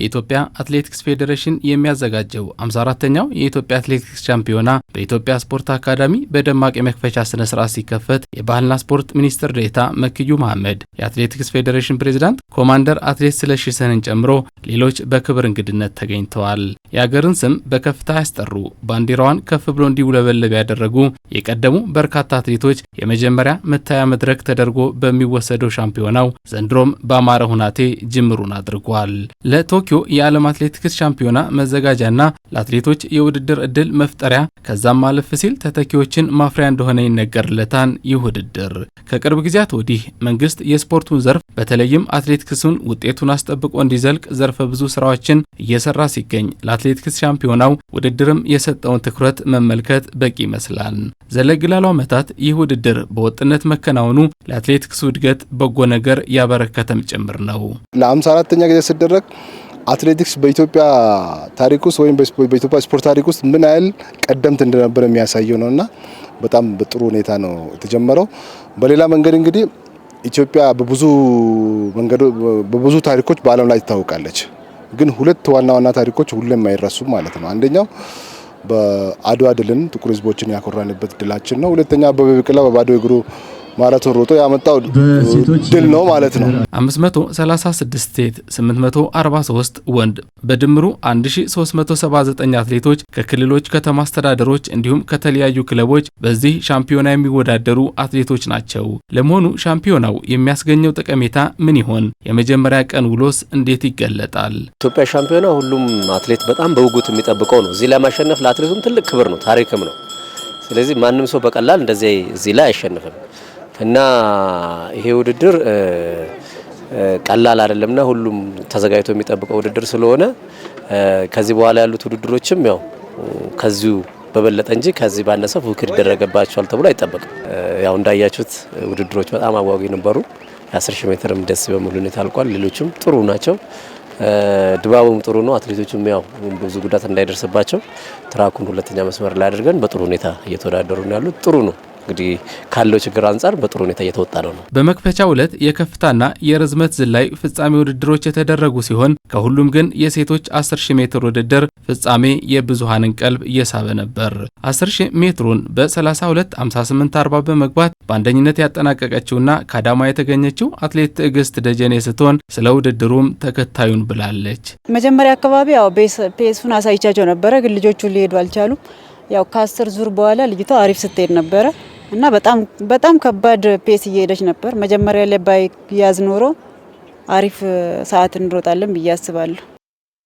የኢትዮጵያ አትሌቲክስ ፌዴሬሽን የሚያዘጋጀው 54ተኛው የኢትዮጵያ አትሌቲክስ ሻምፒዮና በኢትዮጵያ ስፖርት አካዳሚ በደማቅ የመክፈቻ ስነ ስርዓት ሲከፈት የባህልና ስፖርት ሚኒስትር ዴኤታ መክዩ መሐመድ፣ የአትሌቲክስ ፌዴሬሽን ፕሬዚዳንት ኮማንደር አትሌት ስለሺ ስህንን ጨምሮ ሌሎች በክብር እንግድነት ተገኝተዋል። የአገርን ስም በከፍታ ያስጠሩ፣ ባንዲራዋን ከፍ ብሎ እንዲውለበለብ ያደረጉ የቀደሙ በርካታ አትሌቶች የመጀመሪያ መታያ መድረክ ተደርጎ በሚወሰደው ሻምፒዮናው ዘንድሮም በአማረ ሁናቴ ጅምሩን አድርጓል። ለቶኪዮ የዓለም አትሌቲክስ ሻምፒዮና መዘጋጃና ለአትሌቶች የውድድር እድል መፍጠሪያ ከዛም ማለፍ ሲል ተተኪዎችን ማፍሪያ እንደሆነ ይነገርለታል። ይህ ውድድር ከቅርብ ጊዜያት ወዲህ መንግስት የስፖርቱን ዘርፍ በተለይም አትሌቲክሱን ውጤቱን አስጠብቆ እንዲዘልቅ ዘርፈ ብዙ ስራዎችን እየሰራ ሲገኝ አትሌቲክስ ሻምፒዮናው ውድድርም የሰጠውን ትኩረት መመልከት በቂ ይመስላል። ዘለግ ላሉ ዓመታት ይህ ውድድር በወጥነት መከናወኑ ለአትሌቲክስ እድገት በጎ ነገር ያበረከተም ጭምር ነው። ለአምሳ አራተኛ ጊዜ ሲደረግ አትሌቲክስ በኢትዮጵያ ታሪክ ውስጥ ወይም በኢትዮጵያ ስፖርት ታሪክ ውስጥ ምን ያህል ቀደምት እንደነበረ የሚያሳየው ነው እና በጣም በጥሩ ሁኔታ ነው የተጀመረው። በሌላ መንገድ እንግዲህ ኢትዮጵያ በብዙ መንገዶ በብዙ ታሪኮች በዓለም ላይ ትታወቃለች። ግን ሁለት ዋና ዋና ታሪኮች ሁሌም አይረሱም ማለት ነው። አንደኛው በአድዋ ድልን ጥቁር ህዝቦችን ያኮራንበት ድላችን ነው። ሁለተኛ አበበ ቢቂላ በባዶ እግሩ ማራቶን ሮጦ ያመጣው ድል ነው ማለት ነው። 536 ሴት፣ 843 ወንድ በድምሩ 1379 አትሌቶች ከክልሎች ከተማ አስተዳደሮች እንዲሁም ከተለያዩ ክለቦች በዚህ ሻምፒዮና የሚወዳደሩ አትሌቶች ናቸው። ለመሆኑ ሻምፒዮናው የሚያስገኘው ጠቀሜታ ምን ይሆን? የመጀመሪያ ቀን ውሎስ እንዴት ይገለጣል? ኢትዮጵያ ሻምፒዮና ሁሉም አትሌት በጣም በውጉት የሚጠብቀው ነው። እዚህ ላይ ማሸነፍ ለአትሌቱም ትልቅ ክብር ነው፣ ታሪክም ነው። ስለዚህ ማንም ሰው በቀላል እንደዚህ እዚህ ላይ አይሸንፍም። እና ይሄ ውድድር ቀላል አይደለምና ሁሉም ተዘጋጅቶ የሚጠብቀው ውድድር ስለሆነ ከዚህ በኋላ ያሉት ውድድሮችም ያው ከዚሁ በበለጠ እንጂ ከዚህ ባነሰ ፉክክር ይደረገባቸዋል ተብሎ አይጠበቅም። ያው እንዳያችሁት ውድድሮች በጣም አጓጊ ነበሩ። የ10 ሺህ ሜትርም ደስ በሚል ሁኔታ አልቋል። ሌሎችም ጥሩ ናቸው። ድባቡም ጥሩ ነው። አትሌቶቹም ያው ብዙ ጉዳት እንዳይደርስባቸው ትራኩን ሁለተኛ መስመር ላይ አድርገን በጥሩ ሁኔታ እየተወዳደሩ ነው ያሉት። ጥሩ ነው። እንግዲህ ካለው ችግር አንጻር በጥሩ ሁኔታ እየተወጣ ነው ነው። በመክፈቻው ዕለት የከፍታና የርዝመት ዝላይ ፍጻሜ ውድድሮች የተደረጉ ሲሆን ከሁሉም ግን የሴቶች 10 ሜትር ውድድር ፍጻሜ የብዙሃንን ቀልብ እየሳበ ነበር። 10 ሜትሩን በ 40 በመግባት በአንደኝነት ያጠናቀቀችውና ከአዳማ የተገኘችው አትሌት ትዕግስት ደጀኔ ስትሆን ስለ ውድድሩም ተከታዩን ብላለች። መጀመሪያ አካባቢ ያው ፔሱን አሳይቻቸው ነበረ፣ ግን ልጆቹ ሊሄዱ አልቻሉም። ያው ከአስር ዙር በኋላ ልጅቷ አሪፍ ስትሄድ ነበረ እና በጣም በጣም ከባድ ፔስ እየሄደች ነበር። መጀመሪያ ላይ ባይያዝ ኖሮ አሪፍ ሰዓት እንሮጣለን ብዬ አስባለሁ።